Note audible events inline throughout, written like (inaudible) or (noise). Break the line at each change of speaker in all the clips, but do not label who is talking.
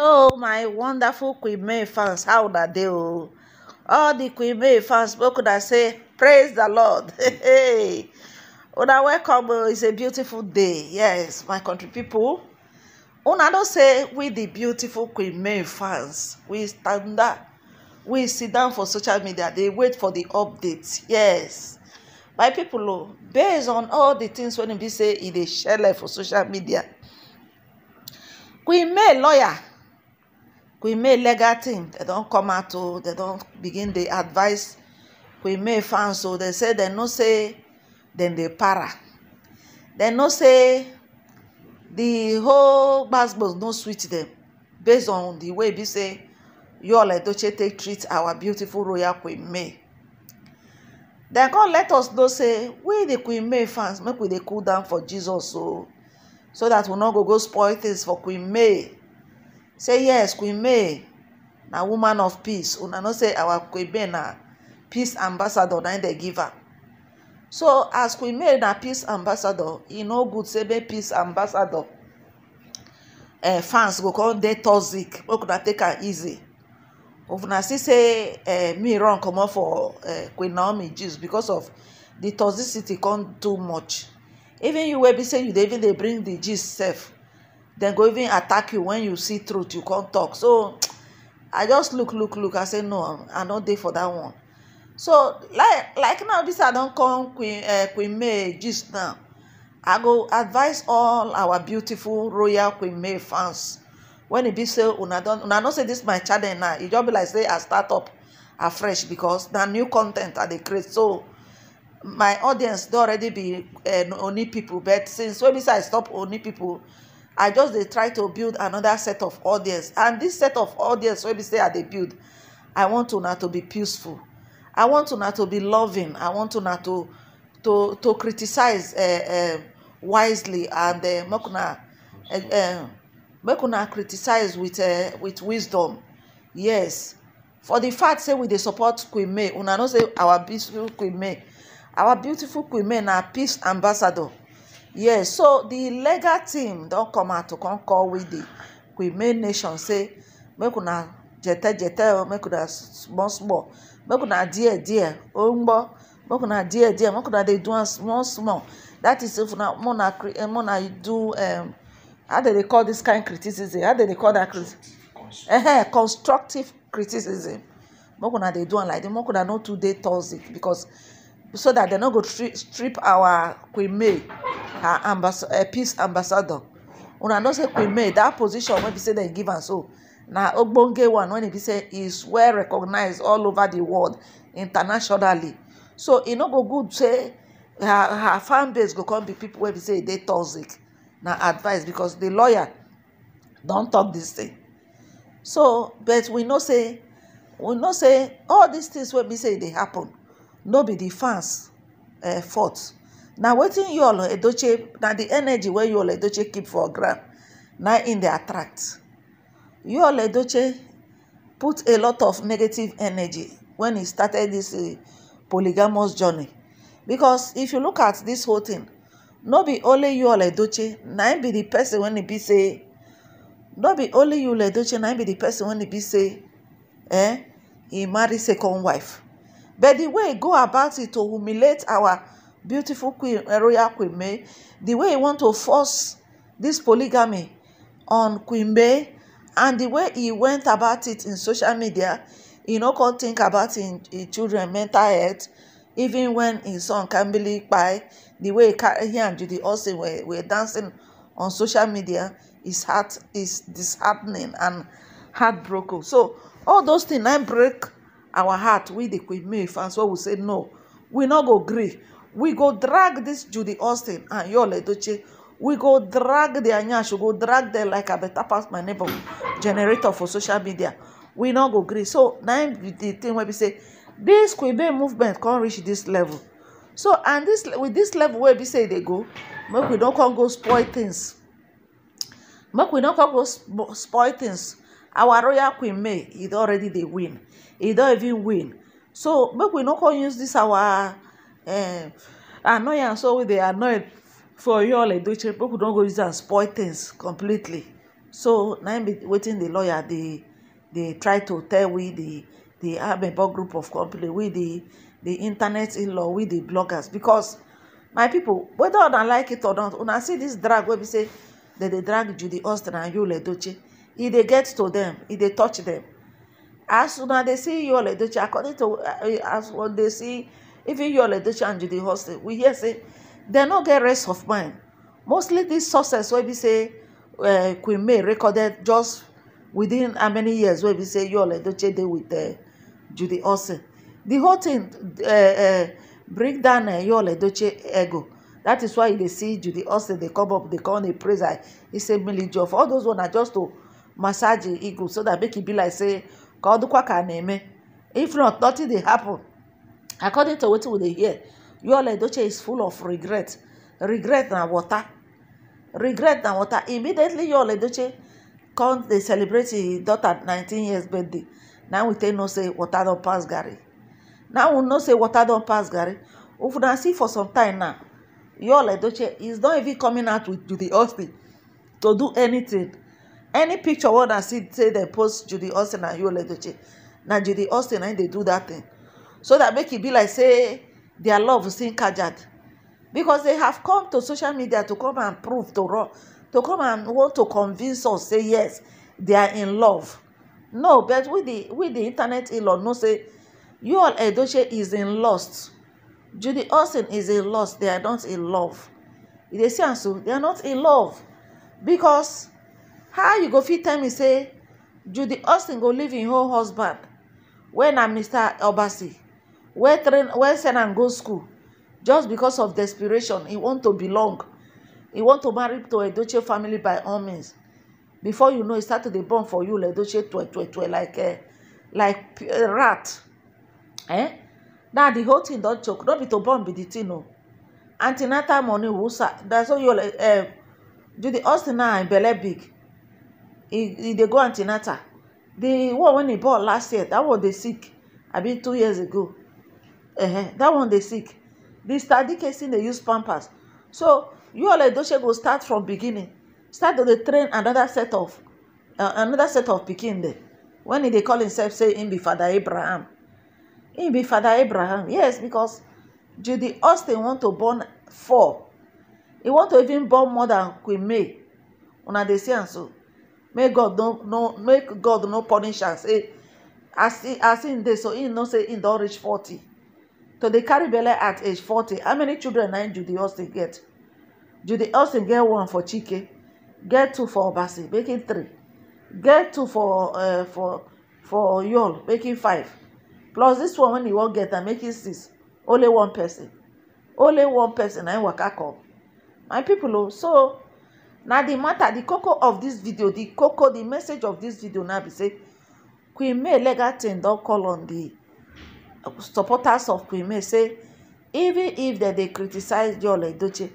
Oh, my wonderful Queen May fans, how that they oh. All the Queen May fans, what could I say? Praise the Lord. Hey, (laughs) hey. Una welcome. Oh, it's a beautiful day. Yes, my country people. Una don't say we the beautiful Queen May fans. We stand up. We sit down for social media. They wait for the updates. Yes. My people, oh, based on all the things when we say it is share life for social media. Queen May lawyer queen may legal team They don't come out o They don't begin the advice. queen may fans So they say they no say Then dey para They no say The whole gbasgbos no switch them, based on the way we say. You all, yul edochie take treat our beautiful royal queen may Then come let us know say we the queen may fans make we the cool down for jesus So, so that we no go go spoil things for queen may say yes queen may na woman of peace una know say our queen may na peace ambassador na dey give am so as queen may na peace ambassador e no good say make peace ambassador uh, fans go come dey toxic make una take am easy if una see say uh, me run comot for uh, queen naomi gist because of the toxicity come too much even you wey be say you dey even dey bring the gist sef dem go even attack you when you see truth you con talk. so i just look look look i say no i no dey for that one so like like now this i don come queen eh, queen may gist now i go advise all our beautiful royal queen may fans When e be say una know say this my channel now e just be like say i start up afresh because na new content i dey create so my audience don already be eh, oni people. but since wey be say i stop oni people i just they try to build another set of audience and this set of audience wey be say i dey build i want to una to be peaceful i want to una to be loving i want to una to to to criticize uh, uh, wisely and uh, make una make una criticize with uh, with wisdom yes for the fact say we dey support Queen May una know say our beautiful Queen May our beautiful Queen May na peace ambassador yes so the legal team don come out to come call we di remain nation say make una jete jete o make una small small make una die, there o n gbọ make una there there make una dey do am small small that is if una una eh, na do um, how dem dey call this kind criticism how dem dey call that criticism uh-huh, constructive criticism make una dey do am like that make una no too dey toxic because so that they no go strip our queen may her uh, peace ambassador una no say queen may that position wey be say dem give am so na ogbonge one when e be say is well recognised all over the world internationally so e no go good say her her fan base go come be people wey be say e dey toxic na advice because the lawyer don talk this thing so but we know say we know say all these things wey be say e dey happen no be di fans eh, fault na wetin yall edoche na the energy wey yall edoche keep for ground na im dey attract you yall edoche put a lot of negative energy when he started dis eh, polygamous journey because if you look at this whole thing no be only yall edoche na im be the person wen e be say no be only yall edoche na im be the person wen e be say eh he marry second wife but the way e go about it to humiliate our beautiful queen eh, royal queen may di way he want to force this polygamy on queen may and the way he went about it in social media e no come think about im children mental health even when his son kambili kpai the way he and judy austin were were dancing on social media his heart is disheartening and heartbroken so all those things na break our heart we the queen may fans wey we say no we no go gree we go drag this judy austin and ah, yul edoche we go drag the dia we go drag dem like i better pass my neighbor generator for social media we no go gree so na im be di tin wey be say dis quebec movement come reach this level so and this with this level wey be say e dey go make we no come go spoil things. make we no come go spoil things. our royal queen may e don already dey win e don even win so make we no come use this our um, annoyance so wey dey annoy for oyo or edochie people don go use am spoil things completely so na be wetin the lawyer dey dey try to tell we the the amebo group of company we the the internet in-law we the bloggers because my people whether una like it or not una see this drag wey be say dem dey drag judy austin and yul edochie e dey get to them e dey touch them as una dey see yul edochie according to eh, as una dey see even your Ledesha and the Hustle, we hear say they no get rest of mind. Mostly this sources where we say uh, Queen May recorded just within how many years where we say your Ledesha day with uh, Judy The whole thing uh, eh, uh, break down uh, your Ledesha ego. That is why they see Judy also they come up, they come, they praise I, He say, Millie job All those one are just to massage the ego so that make it be like, say, can Kaneme. If not, nothing they happen. according to what we dey hear yul edochie is full of regret regret na water regret na water immediately yul edochie come dey celebrate im daughter nineteen years birthday Now we take know say water don pass garri now we know say water don pass garri if una see for some time now yul edochie is not even coming out with judy austin to do anything any picture wey una see say dem post judy austin and yul edochie na judy austin na dey do that thing so that make e be like say their love still kajad because they have come to social media to come and prove to run to come and want to convince us say yes they are in love no but with the with the internet Elon, law know say Yul Edochie eh, is in lust Judy Austin is in lust they are not in love you dey see am so they are not in love because how you go fit tell me say Judy Austin go leave im whole husband wey na Mr. Obasi wey train wey send am go school just because of desperation he want to belong he want to marry to edoche family by all means before you know he start to dey born for you edoche twe twe twe like uh, like uh, rat eh now the whole thing don choke no be to born be the thing o oh. antenatal money wusa that's why you uh, judy austin na belle big He he, dey go antenatal the one wey he born last year that one dey sick I mean two years ago -huh. that one dey sick study tadikesi dey use pampers so you all like edoche go start from beginning start to dey train another set of uh, another set of pikin dem wen e dey call himself say im be father abraham im be father abraham yes because judy austin want to born four He want to even born more than queen may una dey see am so make god no make god no punish am say as as im dey so im know say he don reach forty to dey carry belle at age forty. how many children na im judy austin get judy austin get one for chike get two for obasi making three get two for uh for for yall making five plus this one when e wan get na making six only one person only one person na im waka come my people. o oh, so na the matter the koko of this video the koko the message of this video na be say queen may legal team don call on di supporters of queen may say even if they dey criticise joel edochie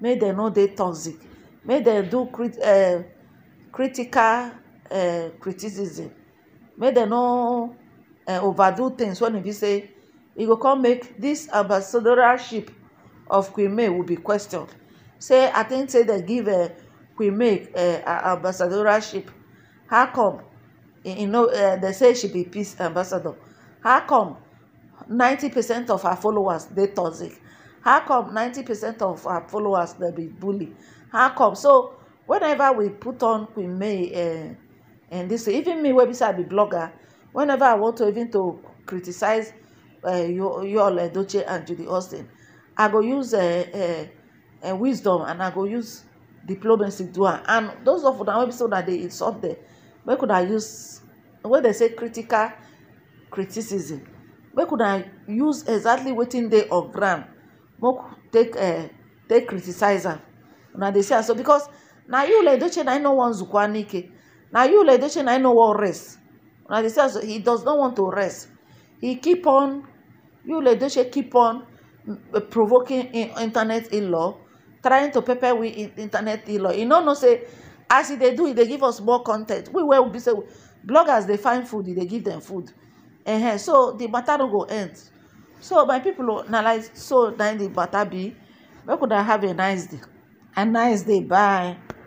make dem no dey toxic May they do crit uh, critical uh, criticism May they no uh, eh, overdo things when e be say e go come make this ambassadorship of queen may will be questioned say i think say they give uh, queen may uh, ambassadorship how come You know uh, dem say she be peace ambassador how come ninety percent of her followers dey toxic how come ninety percent of her followers dem be bully how come so whenever we put on Queen May uh, eh, and this even me wey be say I be blogger whenever I want to even to criticize uh, eh, Yul Edochie eh, and Judy Austin I go use uh, uh, uh, wisdom and I go use diplomacy do am and those of una wey be say una dey insult dem make una use wey dem say critical criticism make una use exactly wetin dey on ground make take eh, take criticise am una dey see am so because na you la edoche na him no wan zukwa nike na you la edoche na him no wan rest una dey see am so he does not want to rest he keep on you la edoche keep on eh, provoking internet in trying to pepper we internet in-law e no know say as he dey do he dey give us more content. we wey be say bloggers dey find food e dey give them food -huh. so the matter no go end so my people na like so na the matter be make una have a nice day a nice day bye